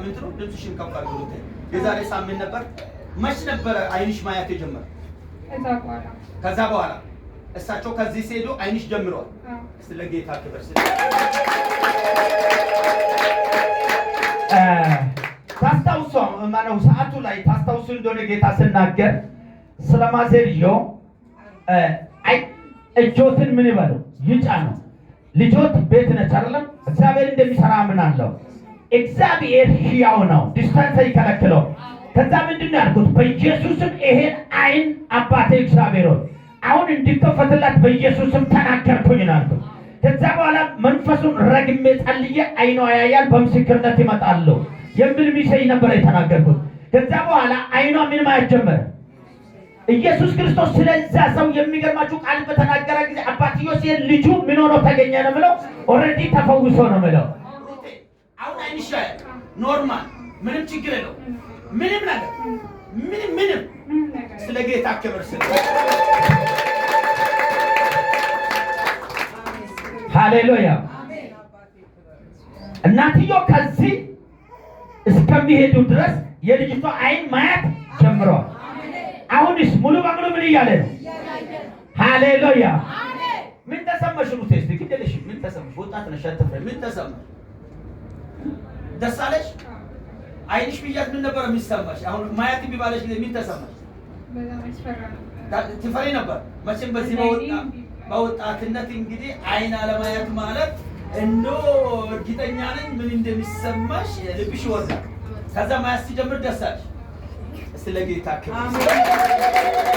ሳምንት ነው ልብስሽን ከፍ አድርገሽ የዛሬ ሳምንት ነበር። መች ነበረ አይንሽ ማየት የጀመረ? ከዛ በኋላ እሳቸው ከዚህ ሲሄዱ አይንሽ ጀምረዋል። ስለ ጌታ ክብር ስለ ታስታውሶ ማነው ሰዓቱ ላይ ታስታውሱ እንደሆነ ጌታ ስናገር ስለማዘርዮ አይ እጆትን ምን ይበለው ይጫ ነው ልጆት ቤት ነች አይደለም እግዚአብሔር እንደሚሰራ ምን አለው እግዚአብሔር ሕያው ነው። ዲስታንስ ይከለክለው። ከዛ ምንድን ነው ያልኩት? በኢየሱስም ይሄን አይን አባቴ እግዚአብሔር ሆይ አሁን እንዲከፈትላት በኢየሱስም ተናገርኩኝ ናልኩ። ከዛ በኋላ መንፈሱን ረግሜ ጸልዬ አይኗ ያያል፣ በምስክርነት ይመጣለሁ የሚል ሚሰይ ነበር የተናገርኩት። ከዛ በኋላ አይኗ ምን ማየት ጀመረ። ኢየሱስ ክርስቶስ ስለዛ ሰው የሚገርማችሁ ቃል በተናገረ ጊዜ አባትዮ ሲሄድ ልጁ ምን ሆኖ ተገኘ ነው የምለው። ኦልሬዲ ተፈውሶ ነው የምለው ይሻላል። ኖርማል ምንም ችግር የለው። ምንም ነገር ምንም ምንም ስለ ጌታ ክብር ስለ ሃሌሉያ እናትዮ ከዚህ እስከሚሄዱ ድረስ የልጅቷ አይን ማየት ጀምረዋል። አሁንስ ሙሉ በሙሉ ምን እያለ ነው? ሃሌሉያ ምን ተሰማሽ? ሩቴስ ግደለሽ ምን ተሰማሽ? ወጣት ነሽ አትፍሪ። ምን ተሰማሽ? ደስ አለሽ? አይንሽ ብያት ምን ነበር የሚሰማሽ? አሁን ማየት ቢባለሽ ምን ተሰማሽ? ትፈሪ ነበር መቼም። በዚህ በወጣትነት እንግዲህ አይን አለማየት ማለት እንዶ እርግጠኛ ነኝ ምን እንደሚሰማሽ ልብሽ ይወርዳል። ከዛ ማያት ሲጀምር ደስ አለሽ። ስለ